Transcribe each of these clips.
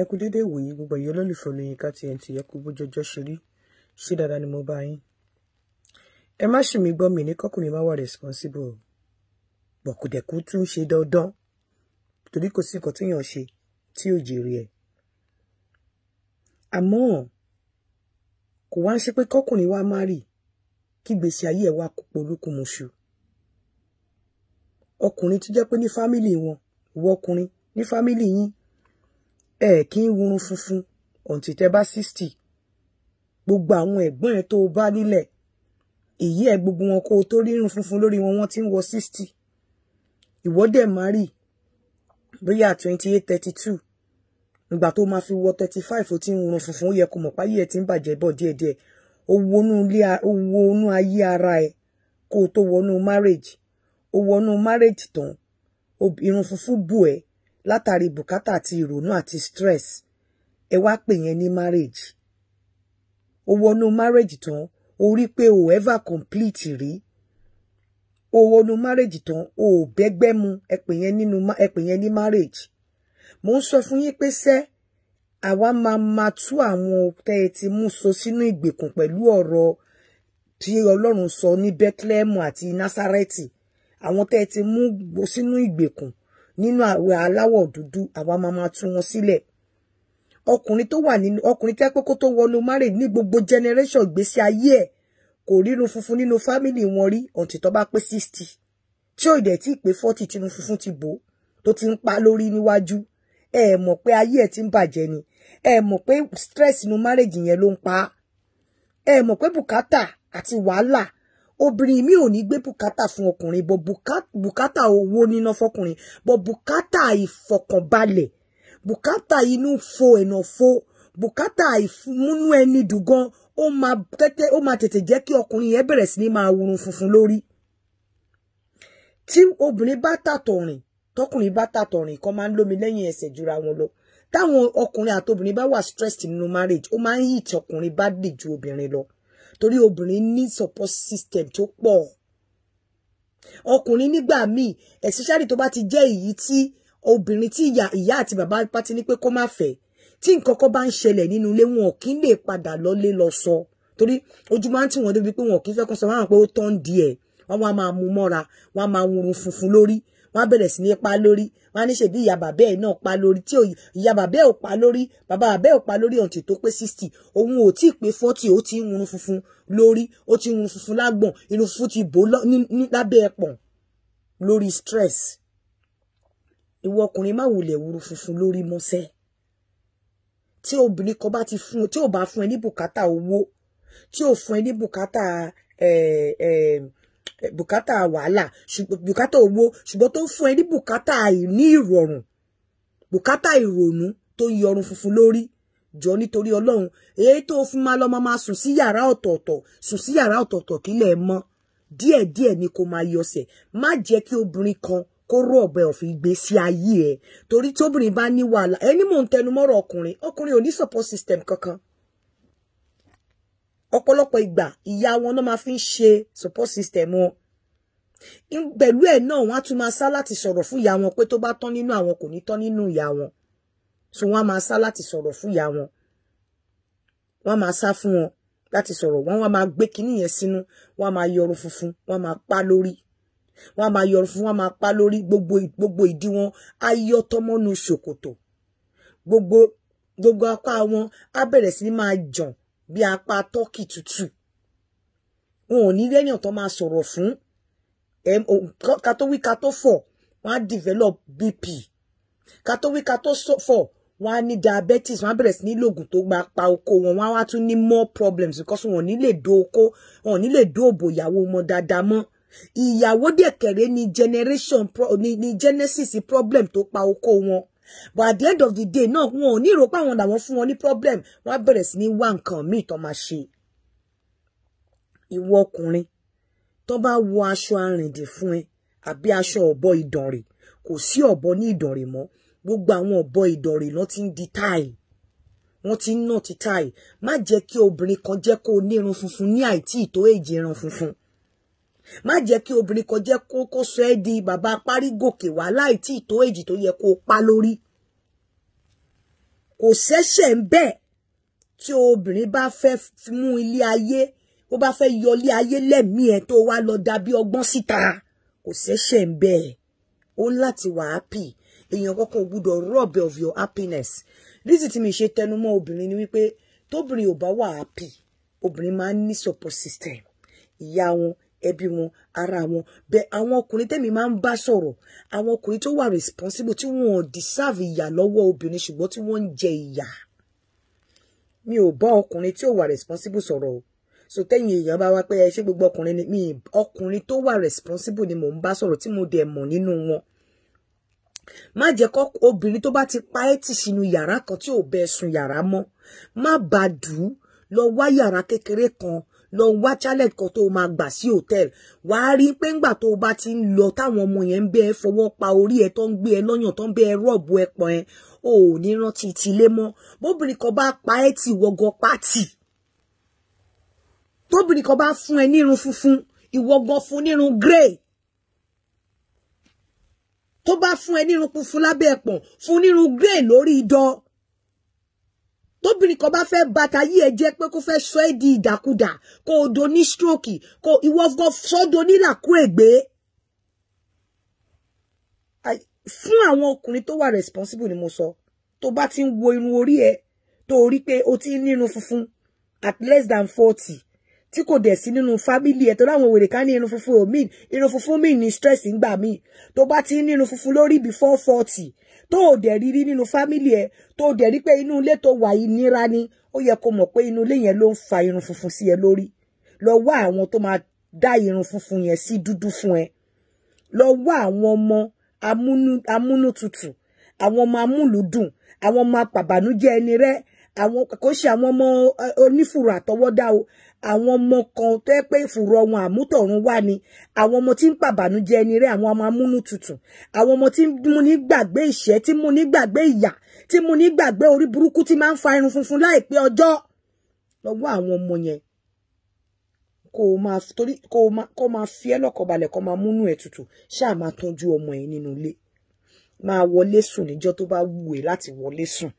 ẹ kú dédé ìwòyí gbogbo ẹ̀yin olólùfẹ́ olóyinka TNT ẹ kú bójọjọ́ ṣe rí ṣé dáadáa ni mo bá yín ẹ má ṣì mí gbọ́ mi ní kọ́kùnrin má wà responsible bọ̀kùdẹ̀kù tún ṣe dandan torí kò sí nǹkan téèyàn ṣe tí ò jèrè ẹ̀ àmọ́ kò wá ń ṣe pé kọ́kùnrin wa má rì kí gbèsè ayé ẹ̀ wá kópo olókùn mọṣù ọkùnrin tó jẹ́ pé ní fámìlì wọn ìwọ ní fámìlì yín ẹ kì í wurun funfun ọ̀ǹtì tẹ bá sixty gbogbo àwọn ẹ̀gbọ́n ẹ tó bá nílẹ̀ èyí ẹ gbogbo wọn kó o tó rírun funfun lórí wọn wọ́n ti ń wọ sixty ìwọ dẹ̀ máa rí bóyá twenty eight thirty two ìgbà tó máa fi wọ thirty five ó ti ń run funfun ó yẹ kó mọ̀ páyé ẹ ti ń bàjẹ́ bọ̀ díẹ̀díẹ̀ ó wọnú ayé ara ẹ kó o tó wọnú marriage ó wọnú marriage tán irun funfun bù ẹ látàrí bùkátà àti ìrònú àti stress ẹ wá pè yẹn ní marriage o wọnú marriage tán o rí pé o ever complete rí o wọnú marriage tán o ò mu ẹ pè yẹn nínú ẹ pè yẹn ní marriage mo ń sọ fún yín pé sẹ́ àwa máa máa tú àwọn tẹ́ ẹ ti mú so sínú ìgbèkùn pẹ̀lú ọ̀rọ̀ tí Ọlọ́run sọ ní Bethlehem àti Násárẹ́tì àwọn tẹ́ ẹ ti mú sínú ìgbèkùn nínú àwẹ aláwọ̀ dúdú àwa máa máa tú wọn sílẹ̀ ọkùnrin tó wà nínú ọkùnrin tẹ́ pé kó tó wọnú márè ní gbogbo generation ìgbésí ayé ẹ̀ kò rírun funfun nínú fámìlì wọn rí ọ̀tí tó bá pé sixty tí ò dẹ̀ tí ì pé forty tínú funfun ti bò tó ti ń pa lórí níwájú ẹ mọ̀ pé ayé ẹ̀ ti ń bàjẹ́ ni ẹ mọ̀ pé stress inú márèjì yẹn ló ń pa á ẹ mọ̀ pé bùkátà àti wàhálà obìnrin mi ò ní gbé bùkátà fún ọkùnrin bọ bùkátà owó níná fọkùnrin bọ bùkátà ìfọ̀kànbalẹ̀ bùkátà inú fo ẹ̀nà fo bùkátà ìmúnú ẹni dùn gan ó máa tètè ó máa tètè jẹ́ kí ọkùnrin yẹn bẹ̀rẹ̀ sí ní máa wurun funfun lórí tí obìnrin bá tàtọ̀ rìn tọkùnrin bá tàtọ̀ rìn kan máa ń lómi lẹ́yìn ẹsẹ̀ jura wọn lọ táwọn ọkùnrin àtobìnrin bá wà stressed nínú marriage ó máa ń yí ìtọkùnrin bá dè ju obìnrin lọ torí obìnrin ní support system tó pọ̀ ọkùnrin nígbà míì especially tó bá ti jẹ́ èyí tí obìnrin tí ìyá àti bàbá bá ti ní pé kó má fẹ́ tí nǹkan kan bá ń ṣẹlẹ̀ nínú ilé wọn kì í lè padà lọ́lé lọ sọ torí ojú máa ń tì wọ́n débi pé wọn kì í fẹ́ kó sọ wọn àwọn pé ó tán díẹ̀ wọ́n wá máa mú mọ́ra wọ́n máa wurun funfun lórí wọ́n á bẹ̀rẹ̀ sí ní pa lórí wọ́n á ní ṣèbí ìyá bàbá ẹ̀ náà pa lórí tí ìyá bàbá ẹ̀ ò pa lórí bàbá bàbá ẹ̀ ò pa lórí ọ̀ǹtì tó pé sixty òun ò tí ì pé forty ó ti ń run funfun lórí ó ti ń run funfun lágbọ̀n irun funfun ti bò lábẹ́ ẹpọ̀n lórí stress ìwọ ọkùnrin má wulẹ̀ wuru funfun lórí mọ́sẹ́ tí obìnrin kan bá ti fún tí ò bá fún ẹ ní bùkátà owó tí ò fún ẹ ní bùkátà ẹ ẹ Eh, bùkátà wàhálà bùkátà owó ṣùgbọ́n tó ń fún ẹ ní bùkátà ní ìrọ̀rùn bùkátà ìrònú tó yọrun funfun lórí jọ nítorí ọlọ́run èyí tó fún máa lọ́mọ máa sùn sí yàrá ọ̀tọ̀ọ̀tọ̀ sùn sí yàrá ọ̀tọ̀ọ̀tọ̀ kí lẹ̀ mọ́ díẹ̀díẹ̀ ni kò máa yọsẹ̀ má jẹ́ kí obìnrin kan kó rú ọ̀bẹ òfin gbé sí ayé ẹ̀ torí tóbìnrin bá ní wàhálà ẹni mò ń tẹnumọ́rọ̀ ọkùnrin ọkùnrin ò ní support system kankan ọ̀pọ̀lọpọ̀ ìgbà ìyá wọn náà máa fi ń ṣe support system wọn pẹ̀lú ẹ̀ náà wọ́n á tún máa sá láti sọ̀rọ̀ fún ìyá wọn pé tó bá tán nínú àwọn kò ní tán nínú ìyá wọn so wọ́n á máa sá láti sọ̀rọ̀ fún ìyá wọn wọ́n á máa sá fún wọn láti sọ̀rọ̀ wọ́n á máa gbé kinní yẹn sínú wọ́n á máa yọrù funfun wọ́n á máa pa lórí wọ́n á máa yọrù funfun wọ́n á máa pa lórí gbogbo gbogbo ìdí á yọ tọmọ́nu ṣòkòtò gbogbo gbogbo apá wọn á bẹ̀rẹ̀ sí ní máa jàn bí apá tọ́kì tútù wọn ò ní lẹ́yìn tó máa sọ̀rọ̀ fún ká tó wí ká tó fọ̀ wọ́n á develop bp ká tó wí ká tó fọ̀ wọ́n á ní diabetes wọ́n á bẹ̀rẹ̀ sí ní lògùn tó gba pa oko wọn wọ́n á tún ní more problems because wọn ò ní lè do oko wọn ò ní lè do òbò ìyàwó wọn dáadáa mọ́ ìyàwó dẹ̀kẹ̀rẹ́ ni generation ni, ni genesis problem tó pa oko wọn but at the end of the day náà wọn ò ní rò pé àwọn làwọn fún wọn ní problem wọn á bẹ̀rẹ̀ sí ní wá nǹkan míì tó máa ṣe ìwọ ọkùnrin tó bá wọ aṣọ arìndì fún ẹ àbí aṣọ ọ̀bọ ìdànrè kò sí ọ̀bọ ní ìdànrè mọ́ gbogbo àwọn ọ̀bọ ìdànrè ló ti ń di táì wọ́n ti ń nà ti táì má jẹ́ kí obìnrin kan jẹ́ kó o ní irun funfun ní àìtí ìtó èjì irun funfun má jẹ́ kí obìnrin kan jẹ́ kó kó sọ ẹ́ di bàbá parí gòkè wá láì tí ìtó èjì tó yẹ kó pa lórí kò ṣẹ̀ṣẹ̀ ń bẹ̀ tí obìnrin bá fẹ́ mú ilé ayé ó bá fẹ́ yọ ilé ayé lẹ́mìí ẹ̀ tó wá lọ dàbí ọgbọ́n síta kò ṣẹ̀ṣẹ̀ ń bẹ̀ ó láti wà happy èèyàn kọ́kọ́ gbúdọ̀ rob of your happiness reason tí mi ṣe tẹnumọ́ obìnrin ni wípé tóbìnrin ò bá wà happy obìnrin máa ń ní support system ìyá wọn ẹbí wọn ara wọn bẹ àwọn ọkùnrin tẹ́mi máa ń bá sọ̀rọ̀ àwọn ọkùnrin tó wà responsible tí wọn ò deserve ìyà lọ́wọ́ obìnrin ṣùgbọ́n tí wọ́n ń jẹ ìyà mi ò bá ọkùnrin tí ò wà responsible sọ̀rọ̀ o so tẹ́yìn èèyàn bá wá pé ẹ ṣé gbogbo ọkùnrin ni mi ọkùnrin tó wà responsible ni mò ń bá sọ̀rọ̀ tí mo dẹ̀ mọ̀ nínú wọn má jẹ́ kó obìnrin tó bá ti pa ẹ́ tì sínú yàrá kan tí ò bẹ sùn yàrá mọ́ má bàa lọ wá yàrá kékeré kan lọ wá chalet kan tó máa gbà sí hòtẹ́ẹ̀lì wà á rí pé ńgbà tó bá ti ń lọ táwọn ọmọ yẹn ń bẹ ẹ fọwọ́ pa orí ẹ tó ń gbé ẹ lọ́yàn tó ń bẹ ẹ rọ́ọ̀bù ẹ pọ̀n ẹ ò ní rántí tilé mọ́ bóbìnrin kan bá pa ẹ́ ti wọgọ pátì tóbìnrin kan bá fún ẹ nírun funfun ìwọgọ fún nírun grey tó bá fún ẹ nírun funfun lábẹ́ ẹ̀pọ̀n fún nírun grey lórí idán tóbìnrin kan bá fẹ́ bàtà yí ẹ jẹ́ pé kó fẹ́ sọ ẹ́ di ìdàkudà kó o do ní stroke kó ìwọ gan sọ́dọ̀ nílàkú ègbé fún àwọn ọkùnrin tó wà responsible ni mo sọ tó bá ti ń wo irun orí ẹ tó rí pé o ti ń nírun funfun at less than forty tí kò dẹ̀ sí nínú fámílì ẹ̀ tó láwọn wèrè ká ní fufu funfun omi irun funfun mi ni stress ńgbà mi tó bá ti ní irun funfun before forty tó ò dẹ̀ rí rí nínú fámílì ẹ̀ tó ò dẹ̀ rí pé inú ilé tó wà yìí nira ni ó yẹ kó mọ̀ pé inú ilé yẹn ló ń fa irun funfun sí ẹ lórí lọ wá àwọn tó máa dá irun funfun yẹn sí dúdú fún ẹ lọ wá àwọn ọmọ amúnútutù àwọn ọmọ amúlùdùn àwọn ọmọ apàbànújẹ́ ẹni rẹ àwọn kò ṣe àwọn ọmọ eh, onífùrà àtọwọ́dá o àwọn ọmọ kan tó yẹ pé ìfùrọ̀ wọn àmútọ̀run wá ni àwọn ọmọ tí ń pàbànújẹ́ ẹni rẹ̀ àwọn ọmọ amúnú tutù àwọn ọmọ tí mú ní gbàgbé ìṣẹ́ tí mú ní gbàgbé ìyà tí mú ní gbàgbé orí burúkú tí máa ń fa irun funfun láìpẹ́ ọjọ́ lọ́wọ́ àwọn ọmọ yẹn kó o máa torí kó o máa kó o máa fi ẹ́ lọ́kàn balẹ̀ kó o máa múnú ẹ̀ tutù ṣáà máa tọ́jú ọmọ ẹ̀ nínú ilé máa wọlé sùn níjọ́ tó bá wù ẹ́ láti wọlé sùn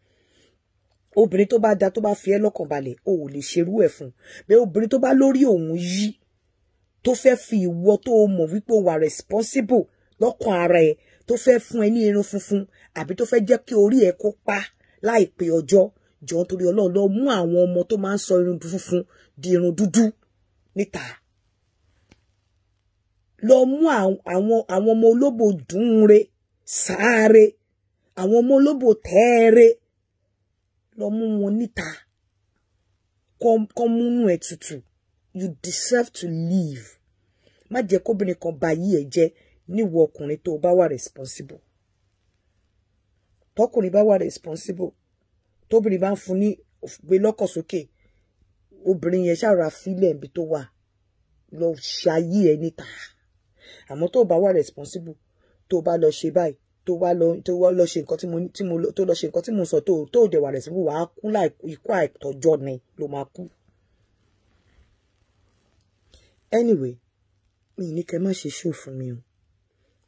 obìnrin tó bá da tó bá fi ẹ́ lọ́kàn balẹ̀ o ò lè ṣerú ẹ̀ fún bẹ́ẹ̀ obìnrin tó bá lórí òun yí tó fẹ́ fi ìwọ tó o mọ̀ wípé o wà responsible lọ́kàn ara ẹ̀ tó fẹ́ fún ẹ ní irun funfun àbí tó fẹ́ jẹ́ kí orí ẹ̀ kó pa láìpẹ́ ọjọ́ jọ̀ọ́ torí Ọlọ́run lọ mú àwọn ọmọ tó máa ń sọ irun funfun di irun dúdú níta lọ mú àwọn àwọn ọmọ olóbò dùnre sáre àwọn ọmọ olóbò tẹ́ẹ̀rẹ́ lọ mú wọn níta kọ múnú ẹ tutù you deserve to live má jẹ́ kóbìnrin kan ba yí ẹ jẹ́ níwọ ọkùnrin tó bá wà responsible tọkùnrin ba wa responsible tóbìnrin bá ń fún ní gbé lọ́kàn sókè obìnrin yẹn ṣàrà fílẹ̀ ibi tó wà lọ ṣayé ẹ níta àmọ́ tó bá wà responsible tó bá lọ ṣe báyìí tó wá lọ tó wá lọ ṣe nǹkan tí mo tí mo tó lọ ṣe nǹkan tí mo sọ tó tó dẹ̀ wà rẹ̀ síbú wàá kú láì ikú àìtọ́jọ́ ni ló máa kú. anyway mi ní kẹ́ má ṣe ṣó fún mi o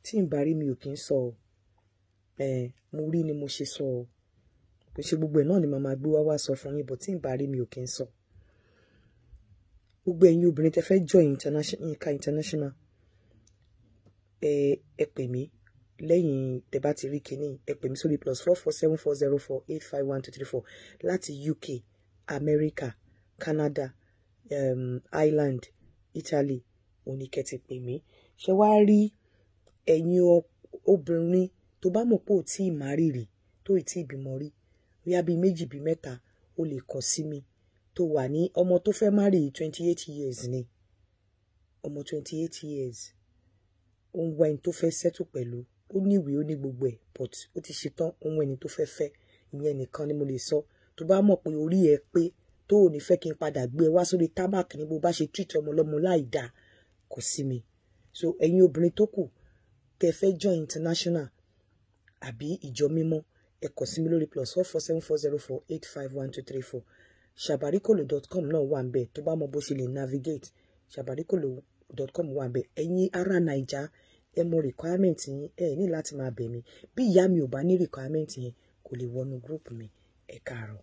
tí n bá rí mi ò kí ń sọ ọ mo rí ni mo ṣe sọ ọ kò ṣe gbogbo ẹ̀ náà ni màmá gbé wá wá sọ fún yín bọ̀ tí n bá rí mi ò kí ń sọ gbogbo ẹ̀yin obìnrin tẹ́ fẹ́ join international Yinka international ẹ ẹ pè mí lẹ́yìn tẹ́ bá ti rí kínní ẹ pè mí sórí plus four four seven four zero four eight five one two three four láti UK America Canada um, Ireland Italy oníkẹ́ ti pè mí ṣé wàá rí ẹ̀yin obìnrin tó bá mọ̀ pé ò tí ì má rírì tó ì tí ì bímọ rí bóyá bíi méjì bíi mẹ́ta o lè kàn sí mi tó wà ní ọmọ tó fẹ́ má rírì twenty eight years ni ọmọ twenty eight years ó ń wá ẹni tó fẹ́ sẹ́tù pẹ̀lú ó ní ìwé ó ní gbogbo ẹ̀ but ó ti ṣetán ohun ẹni tó fẹ́ fẹ́ ìyẹn nìkan ni mo lè sọ tó bá mọ̀ pé orí ẹ pé tó ò ní fẹ́ kí n padà gbé ẹ wá sórí tábàkì ní bó bá ṣe treat ọmọ láì dáa kò sí mi so ẹ̀yin obìnrin tó kù tẹ́ fẹ́ join international àbí ìjọ mímọ́ ẹ kọ sí mi lórí plus four four seven four zero four eight five one two three four ṣàbàríkòlò dot com náà wà ń bẹ̀ tó bá mọ bó ṣe lè navigate ṣàbàríkòlò dot com wà ń bẹ̀ ẹ̀yin ará nàìjà ẹ mọ requirement yín ẹ ní láti máa bẹ̀ mí bí ìyá mi ò bá ní requirement yẹn kò lè wọnú group mi ẹ káàárọ̀.